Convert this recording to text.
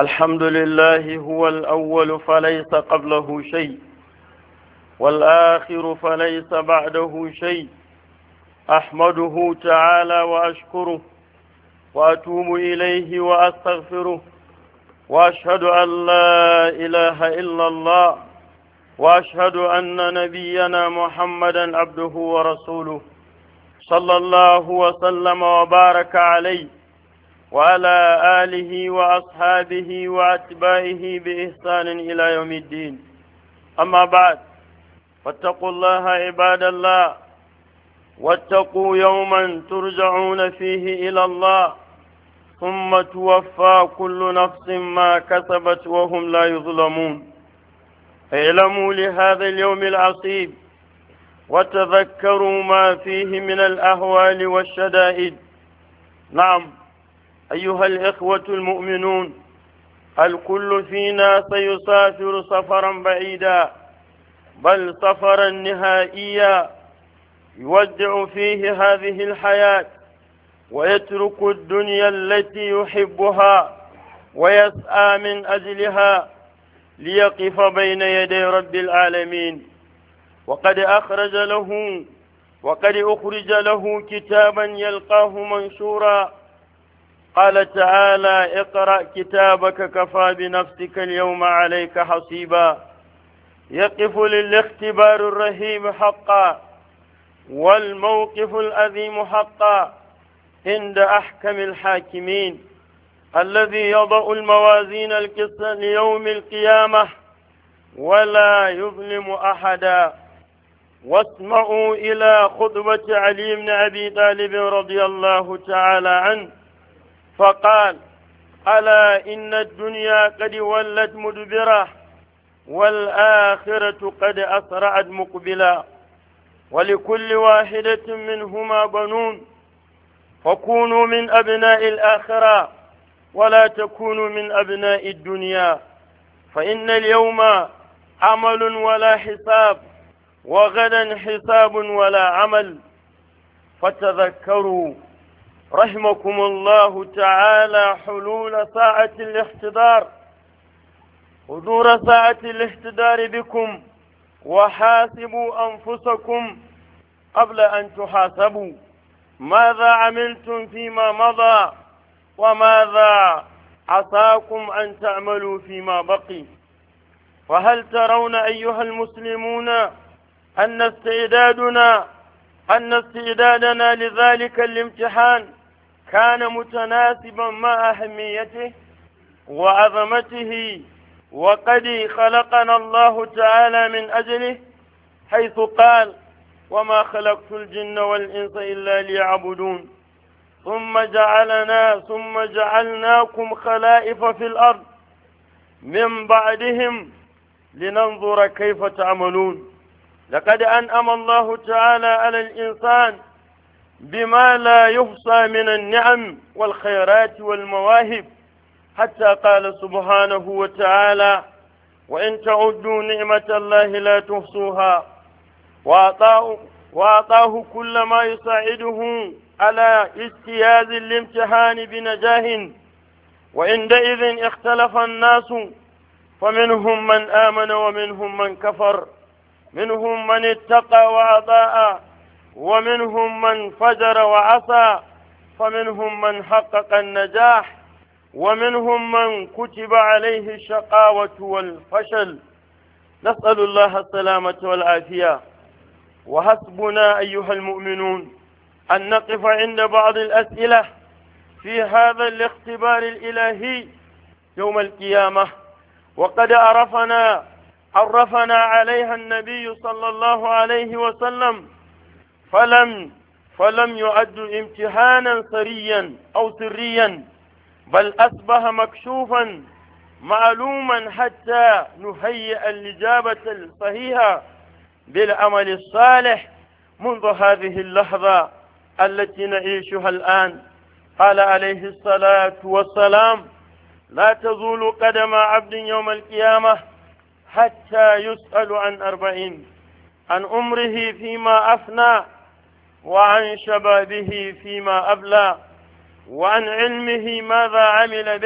الحمد لله هو الأول فليس قبله شيء والآخر فليس بعده شيء أحمده تعالى وأشكره وأتوب إليه وأستغفره وأشهد أن لا إله إلا الله وأشهد أن نبينا محمدا عبده ورسوله صلى الله وسلم وبارك عليه وعلى آله وأصحابه وأتباعه بإحسان إلى يوم الدين أما بعد فاتقوا الله عباد الله واتقوا يوما ترجعون فيه إلى الله ثم توفى كل نفس ما كسبت وهم لا يظلمون اعلموا لهذا اليوم العصيب وتذكروا ما فيه من الأهوال والشدائد نعم أيها الإخوة المؤمنون الكل فينا سيسافر سفرا بعيدا بل سفرا نهائيا يودع فيه هذه الحياة ويترك الدنيا التي يحبها ويسعى من أجلها ليقف بين يدي رب العالمين وقد أخرج له وقد أخرج له كتابا يلقاه منشورا قال تعالى اقرأ كتابك كفى بنفسك اليوم عليك حصيبا يقف للاختبار الرهيب حقا والموقف الأذيم حقا عند أحكم الحاكمين الذي يضع الموازين القسط ليوم القيامة ولا يظلم أحدا واسمعوا إلى خطبة علي بن أبي طالب رضي الله تعالى عنه فقال ألا إن الدنيا قد ولت مدبرة والآخرة قد أسرعت مقبلا ولكل واحدة منهما بنون فكونوا من أبناء الآخرة ولا تكونوا من أبناء الدنيا فإن اليوم عمل ولا حساب وغدا حساب ولا عمل فتذكروا رحمكم الله تعالى حلول ساعة الاحتضار حضور ساعة الاحتضار بكم وحاسبوا أنفسكم قبل أن تحاسبوا ماذا عملتم فيما مضى وماذا عساكم أن تعملوا فيما بقي وهل ترون أيها المسلمون أن استعدادنا أن استعدادنا لذلك الامتحان كان متناسبا مع أهميته وعظمته وقد خلقنا الله تعالى من أجله حيث قال وما خلقت الجن والإنس إلا ليعبدون ثم جعلنا ثم جعلناكم خلائف في الأرض من بعدهم لننظر كيف تعملون لقد أنأم الله تعالى على الإنسان بما لا يحصى من النعم والخيرات والمواهب حتى قال سبحانه وتعالى وإن تعدوا نعمة الله لا تحصوها وأعطاه, وأعطاه كل ما يساعده على اجتياز الامتحان بنجاه وعندئذ اختلف الناس فمنهم من آمن ومنهم من كفر منهم من اتقى وأطاع ومنهم من فجر وعصى فمنهم من حقق النجاح ومنهم من كتب عليه الشقاوة والفشل نسأل الله السلامة والعافية وحسبنا أيها المؤمنون أن نقف عند بعض الأسئلة في هذا الاختبار الإلهي يوم القيامة وقد عرفنا عرفنا عليها النبي صلى الله عليه وسلم فلم فلم يعد امتحانا سريا أو سريا بل أصبح مكشوفا معلوما حتى نهيئ الإجابة الصحيحة بالعمل الصالح منذ هذه اللحظة التي نعيشها الآن قال عليه الصلاة والسلام لا تزول قدم عبد يوم القيامة حتى يسأل عن أربعين عن عمره فيما أفنى وعن شبابه فيما أبلى وعن علمه ماذا عمل به